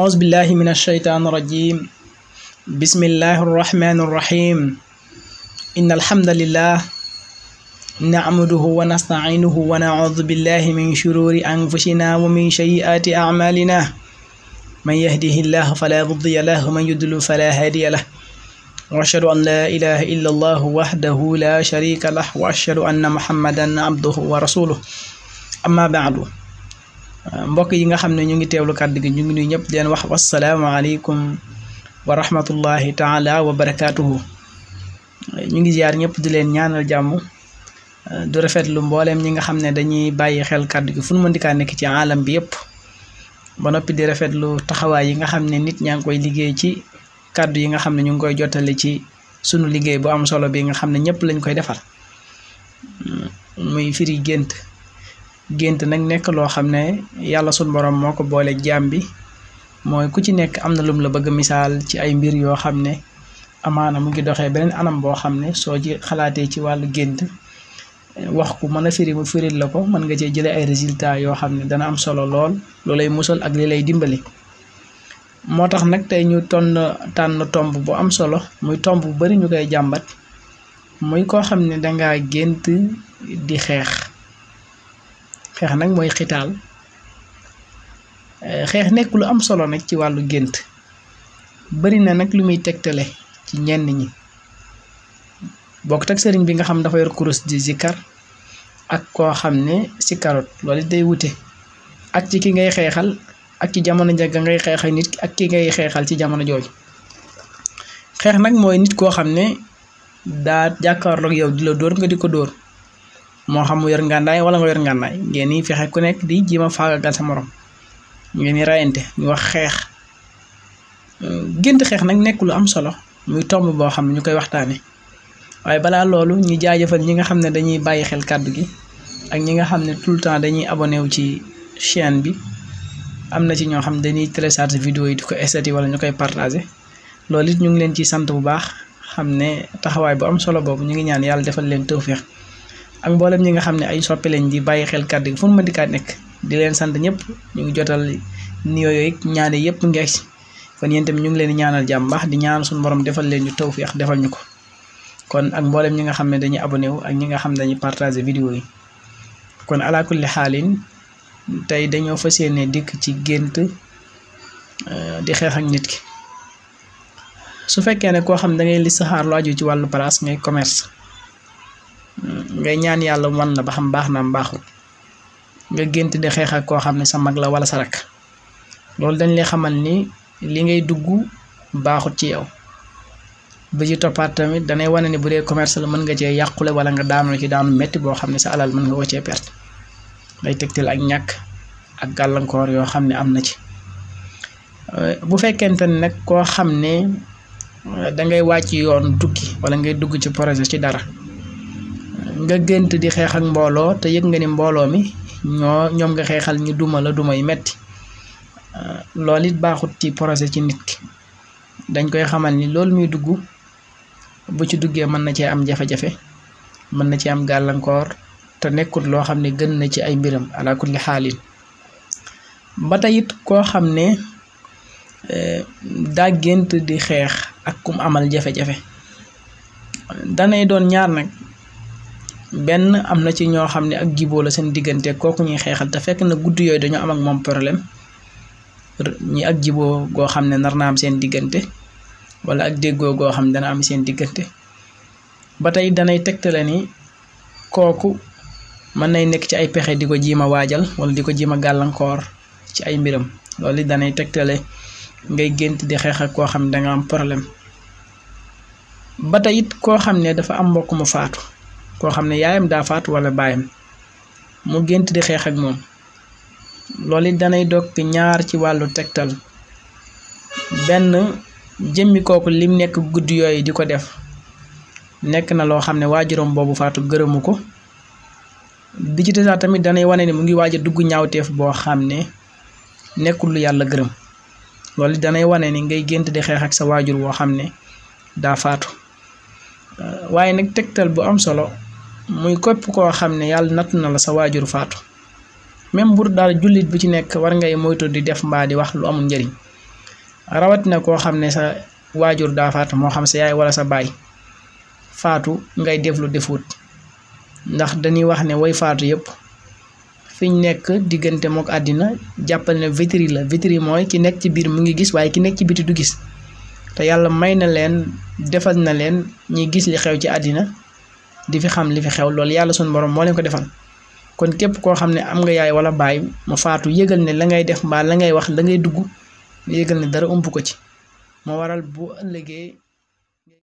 أعوذ بالله من الشيطان الرجيم بسم الله الرحمن الرحيم إن الحمد لله نعمده ونستعينه ونعوذ بالله من شرور أنفسنا ومن سيئات أعمالنا من يهده الله فلا مضي له ومن يضلل فلا هادي له وأشهد أن لا إله إلا الله وحده لا شريك له وأشهد أن محمدا عبده ورسوله أما بعد mbokk yi nga xam ne ñu ngi teewlu kàddu gi ñu ngi nuyu ñëpp leen wax wasalaamaaleykum wa rahmatullahi taala wa barakaatuhu ñu ngi ziar ñëpp di leen ñaanal jàmm du rafetlu mbooleem ñi nga xam ne dañuy bàyyi xel kàddu gi fu nu mën di kaa nekk ci alam bi yëpp ba noppi di rafetlu taxawaay yi nga xam ne nit ñaa ngi koy liggéey ci kàddu yi nga xam ne ñu ngi koy jottali ci sunu liggéey bu am solo bi nga xam ne ñëpp lañ koy defal muy firi gént gént nag nekk loo xam ne yàlla sunu borom moo ko boole jaam bi mooy ku ci nekk am na lum la bëgg misaal ci ay mbir yoo xam ne amaana mu ngi doxee beneen anam boo xam ne soo ci xalaatee ci wàllu gént wax ku mën a firi mu la ko mën nga cee jëlee ay résultats yoo xam ne dana am solo lool loo lay musal ak li lay dimbali. moo tax nag tey ñu ton tànn tomb bu am solo muy tomb bu bari ñu koy jàmbat muy koo xam ne danga gént di xeex. xeex nag mooy xitaal eh, xeex nekk lu am solo nag ci wàllu gént bari na nag lu muy tegtale ci ñenn ñi bokk tak sëriñ bi nga xam dafa yor kurus di zikar ak koo xam ne sikarot loolu day wute ak ci ki ngay xeexal ak ci jamono jagga ngay xeexal nit ak ki ngay xeexal ci jamono jooju xeex nag mooy nit koo xam ne daa jàkkaarloog yow di la dóor nga di ko dóor moo xam mu yor ngàndaay wala nga yor ngàndaay ngeen nii fexe ku nekk di jéem a faagagal sa morom ngeen ni rayante ñu wax xeex euh, gént xeex nag nekk lu am solo muy tomb boo xam ne ñu koy waxtaanee waaye balaa loolu ñu jaajëfal ñi nga xam ne dañuy bàyyi xel kàddu gi ak ñi nga xam ne tout le temps dañuy abonné wu ci chaîne bi am na ci ñoo xam dañuy télécharge video yi di ko estati wala ñu koy partagé loolu it ñu ngi leen ciy sant bu baax xam ne taxawaay bu am solo boobu ñu ngi ñaan yàlla defal leen tawféex ak mbooleem ñi nga xam ne ay soppe lañ di bàyyi xel kàdd yi fu mu mën di kaa nekk di leen sant ñëpp ñu ngi jotal nuyoo yooyu ñaane yëpp ngeeg si kon yéen tamit ñu ngi leen di ñaanal jàmm di ñaan suñu borom defal leen ñu tawfeex defal ñu ko kon ak mbooleem ñi nga xam ne dañuy abonné wu ak ñi nga xam ne dañuy partagé vidéo yi kon ala kulli xaalin tey dañoo fas yéene dikk ci gént euh, di xeex ak nit ki su fekkee ne koo xam da ngay listixaar lu aju ci wàllu place ngay commerce. ngay ñaan yàlla man la ba xam baax na baaxul nga gént di xeex ak koo xam ne sa mag la wala sa rakk loolu dañ lay xamal ni li ngay dugg baaxut ci yow ba ci toppaat tamit danay wane ni bu dee commerce la mën nga cee yàqule wala nga daanu ci daanu metti boo xam ne sa alal mën nga ko cee perte ngay tegtal ak ñàkk ak gàllankoor yoo xam ne am na ci euh, bu fekkente ne nag koo xam ne euh, ngay wàcc yoon tukki wala ngay dugg ci projet ci dara nga gént di xeex ak mbooloo te yëg nga ni mbooloo mi ñoo ñoom nga xeexal ñu duma la duma yu metti ah, loolu it baaxut ci projet ci nit ki dañ koy xamal ni loolu muy dugg bu ci duggee mën na cee am jafe-jafe mën na cee am gàllankoor te nekkut loo xam ne gën na ci ay mbiram ala kulli xaalin ba tey it koo xam ne eh, daa gént di xeex ak kum amal jafe-jafe danay doon ñaar nag ben amna ci ño xamni ak jiboo la sen diggante koku ñi xeexal ta fekk na gudd yoy dañu am ak mom problème ñi ak go nar na am sen diggante wala ak déggoo go xam dana am sen diggante batay danay tegtale ni koku man nay nekk ci ay pexé di jima wajal wajal wala di jima galankor ci ay mbiram loolu danay tegtale ngay gënt di xeex ak ko xam da nga am problème ba it dafa am mbokuma faatu koo xam ne yaayam daa faatu wala baayam mu gént di xeex ak moom loolu it danay dog ñaar ci wàllu tegtal benn jëmmi kooku lim nekk guddi yooyu di ko def nekk na loo xam ne waajuram boobu faatu gërëmu ko bi ci desaa tamit danay wane ne mu ngi waaj a dugg ñaawteef boo xam ne nekkul lu yàlla gërëm loolu danay wane ni ngay gént di xeex ak sa waajur woo xam ne daa faatu waaye nag tegtal bu am solo muy képp koo xam ne yàlla natt na la sa waajur faatu même bur daal jullit bu ci nekk war ngay moytu di def mbaa di wax lu amul njariñ rawatina koo xam ne sa waajur daa faatu moo xam sa yaay wala sa baay faatu ngay def lu defut ndax dañuy wax ne woy faatu yëpp fiñ nekk diggante mook àddina jàppal ne vitri la vitri mooy ki nekk ci biir mu ngi gis waaye ki nekk ci biti du gis te yàlla may na leen defal na leen ñi gis li xew ci àddina di fi xam li fi xew loolu yàlla sunu borom moo leen ko defal kon képp koo xam ne am nga yaay wala baay mu faatu yëgal ne la ngay def mbaa la ngay wax la ngay dugg yëgal ne dara ëmp ko ci moo waral bu ëllëgee